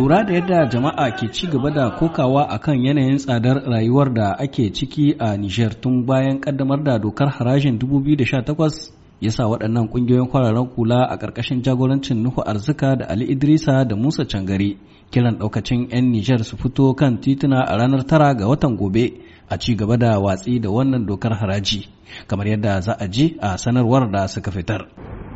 lura da yadda jama'a ke ci gaba da kokawa a kan yanayin tsadar rayuwar da ake ciki a Nijar tun bayan kaddamar da dokar harajin 2018 ya sa waɗannan ƙungiyoyin kwararren kula a ƙarƙashin jagorancin Nuhu Arzika da Ali Idrisa da Musa Cangari kiran ɗaukacin 'yan Nijar su fito kan tituna a ranar tara ga watan gobe a ci gaba da watsi da wannan dokar haraji kamar yadda za a ji a sanarwar da suka fitar.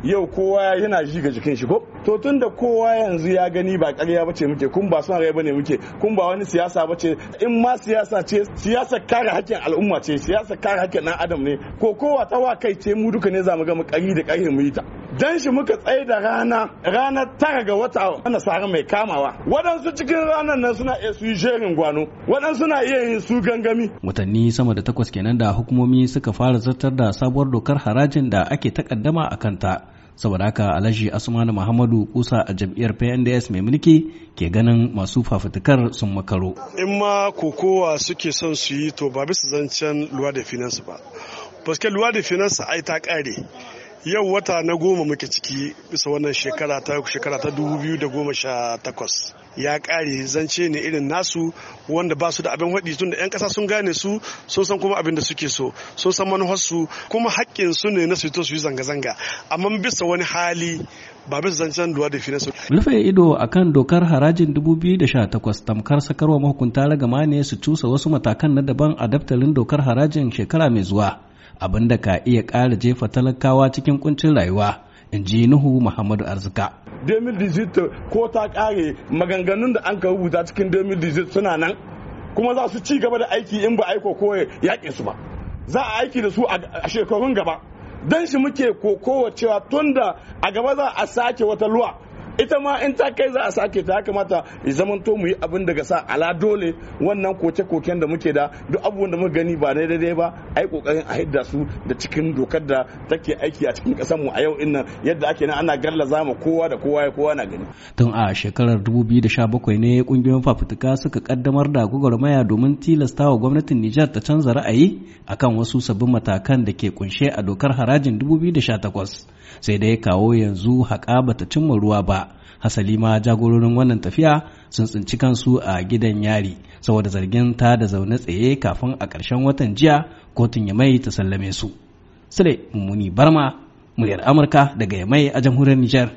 yau kowa yana ji ga jikin shi ko to tun da kowa yanzu ya gani ba ƙarya ba ce muke kun ba son rai ba ne muke kun ba wani siyasa ba ce in ma siyasa ce siyasa kare hakkin al'umma ce siyasa kare hakkin ɗan adam ne ko kowa ta wa kai ce mu duka ne za mu gama ƙari da ƙari mu yi ta dan shi muka tsaye da rana ranar tara ga wata ana sara mai kamawa waɗansu cikin ranar nan suna iya su yi jerin gwano waɗansu na iya yin su gangami watanni sama da takwas kenan da hukumomi suka fara zartar da sabuwar dokar harajin da ake takaddama a kanta saboda haka alhaji asmanu muhammadu kusa a jam'iyyar pnds mai mulki ke ganin masu fafutukar sun makaro in ma kokowa suke son su yi to ba bisa zancen luwa da finansu ba paske luwa da finansu ai ta kare yau wata na goma muke ciki bisa wannan shekara ta shekara ta 2018 ya kare zance ne irin nasu wanda ba su da abin haɗi tun da 'yan ƙasa sun gane su sun san kuma abin da suke so sun san manufarsu kuma haƙƙin su ne na su su yi zanga-zanga amma bisa wani hali ba bisa zancen duwa da finasa. rufe ido akan dokar harajin 2018 tamkar sakarwa mahukunta ragama ne su cusa wasu matakan na daban a daftarin dokar harajin shekara mai zuwa abin da ka iya ƙara jefa talakawa cikin kuncin rayuwa in ji Nuhu Muhammadu Arzika. 2018 ko ta ƙare maganganun da an ka rubuta cikin 2018 suna nan kuma za su ci gaba da aiki in ba aiko ko ya su ba za a aiki da su a shekarun gaba don shi muke kokowa cewa tunda a gaba za a sake wata luwa ita ma in ta kai za a sake ta kamata ya zamanto mu yi abin daga sa ala dole wannan koke-koken da muke da duk abubuwan da muka gani ba daidai ba a yi kokarin a hidda su da cikin dokar da take aiki a cikin kasar mu a yau in yadda ake nan ana gallaza ma kowa da kowa ya kowa na gani tun a shekarar 2017 ne kungiyoyin fafutuka suka kaddamar da gwagwarmaya domin tilasta wa gwamnatin Nijar ta canza ra'ayi akan wasu sabbin matakan da ke kunshe a dokar harajin 2018 sai dai kawo yanzu haƙa bata cimma ruwa ba hasali ma jagororin wannan tafiya sun tsinci kansu a gidan yari saboda zargin ta da zaune tsaye kafin a ƙarshen watan jiya kotun mai ta sallame su sule mummuni barma muryar amurka daga ya mai a jamhuriyar nijar